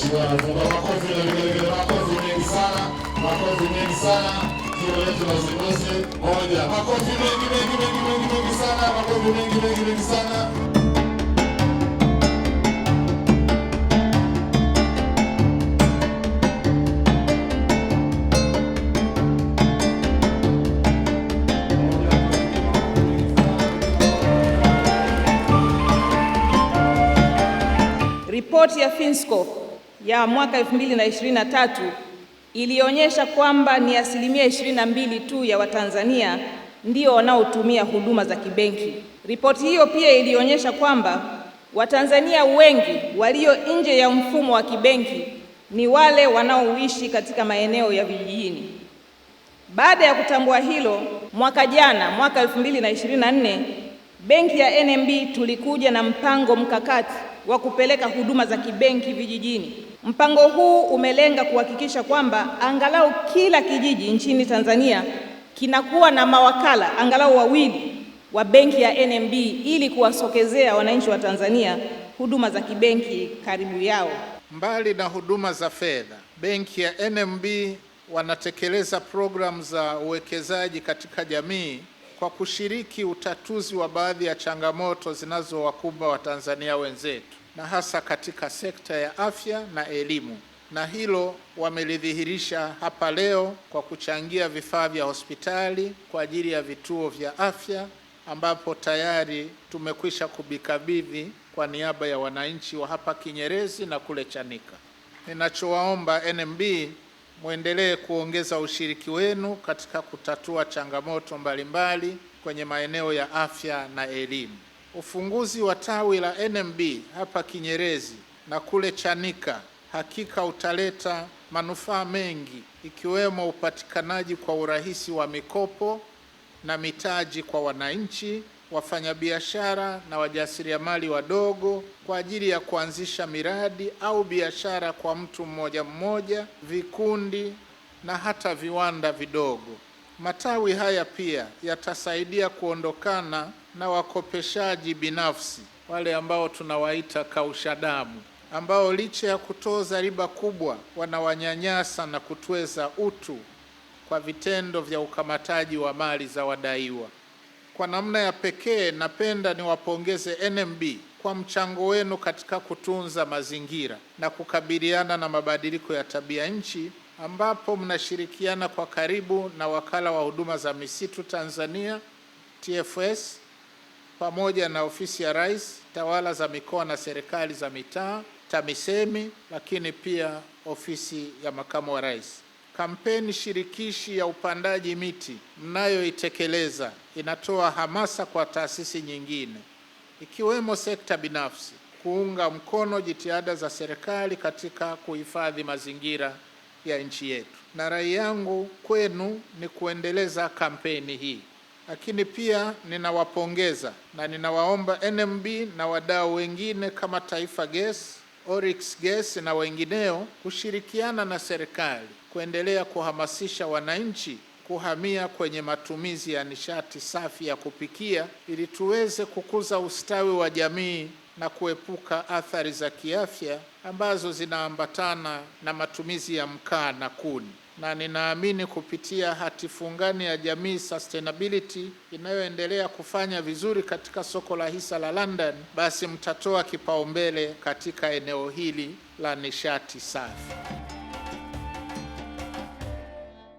Mheshimiwa anafunga makofi na vilevile makofi mengi sana, makofi mengi sana. Jimbo letu la moja, makofi mengi mengi mengi mengi mengi sana, makofi mengi mengi mengi sana. Ripoti ya Finscope ya mwaka 2023 ilionyesha kwamba ni asilimia 22 tu ya Watanzania ndio wanaotumia huduma za kibenki. Ripoti hiyo pia ilionyesha kwamba Watanzania wengi walio nje ya mfumo wa kibenki ni wale wanaoishi katika maeneo ya vijijini. Baada ya kutambua hilo, mwaka jana, mwaka 2024, Benki ya NMB tulikuja na mpango mkakati wa kupeleka huduma za kibenki vijijini. Mpango huu umelenga kuhakikisha kwamba angalau kila kijiji nchini Tanzania kinakuwa na mawakala angalau wawili wa benki ya NMB ili kuwasokezea wananchi wa Tanzania huduma za kibenki karibu yao. Mbali na huduma za fedha, benki ya NMB wanatekeleza programu za uwekezaji katika jamii kwa kushiriki utatuzi wa baadhi ya changamoto zinazowakumba Watanzania wenzetu na hasa katika sekta ya afya na elimu, na hilo wamelidhihirisha hapa leo kwa kuchangia vifaa vya hospitali kwa ajili ya vituo vya afya ambapo tayari tumekwisha kubikabidhi kwa niaba ya wananchi wa hapa Kinyerezi na kule Chanika. Ninachowaomba NMB, mwendelee kuongeza ushiriki wenu katika kutatua changamoto mbalimbali kwenye maeneo ya afya na elimu. Ufunguzi wa tawi la NMB hapa Kinyerezi na kule Chanika hakika utaleta manufaa mengi ikiwemo upatikanaji kwa urahisi wa mikopo na mitaji kwa wananchi, wafanyabiashara na wajasiriamali wadogo kwa ajili ya kuanzisha miradi au biashara kwa mtu mmoja mmoja, vikundi na hata viwanda vidogo. Matawi haya pia yatasaidia kuondokana na wakopeshaji binafsi wale ambao tunawaita kausha damu, ambao licha ya kutoza riba kubwa wanawanyanyasa na kutweza utu kwa vitendo vya ukamataji wa mali za wadaiwa. Kwa namna ya pekee, napenda niwapongeze NMB kwa mchango wenu katika kutunza mazingira na kukabiliana na mabadiliko ya tabia nchi, ambapo mnashirikiana kwa karibu na Wakala wa Huduma za Misitu Tanzania TFS pamoja na ofisi ya Rais, tawala za mikoa na serikali za mitaa, TAMISEMI, lakini pia ofisi ya makamu wa rais. Kampeni shirikishi ya upandaji miti mnayoitekeleza inatoa hamasa kwa taasisi nyingine ikiwemo sekta binafsi kuunga mkono jitihada za serikali katika kuhifadhi mazingira ya nchi yetu, na rai yangu kwenu ni kuendeleza kampeni hii. Lakini pia ninawapongeza na ninawaomba NMB na wadau wengine kama Taifa Gas, Oryx Gas na wengineo kushirikiana na serikali kuendelea kuhamasisha wananchi kuhamia kwenye matumizi ya nishati safi ya kupikia ili tuweze kukuza ustawi wa jamii na kuepuka athari za kiafya ambazo zinaambatana na matumizi ya mkaa na kuni na ninaamini kupitia hati fungani ya jamii sustainability inayoendelea kufanya vizuri katika soko la hisa la London, basi mtatoa kipaumbele katika eneo hili la nishati safi.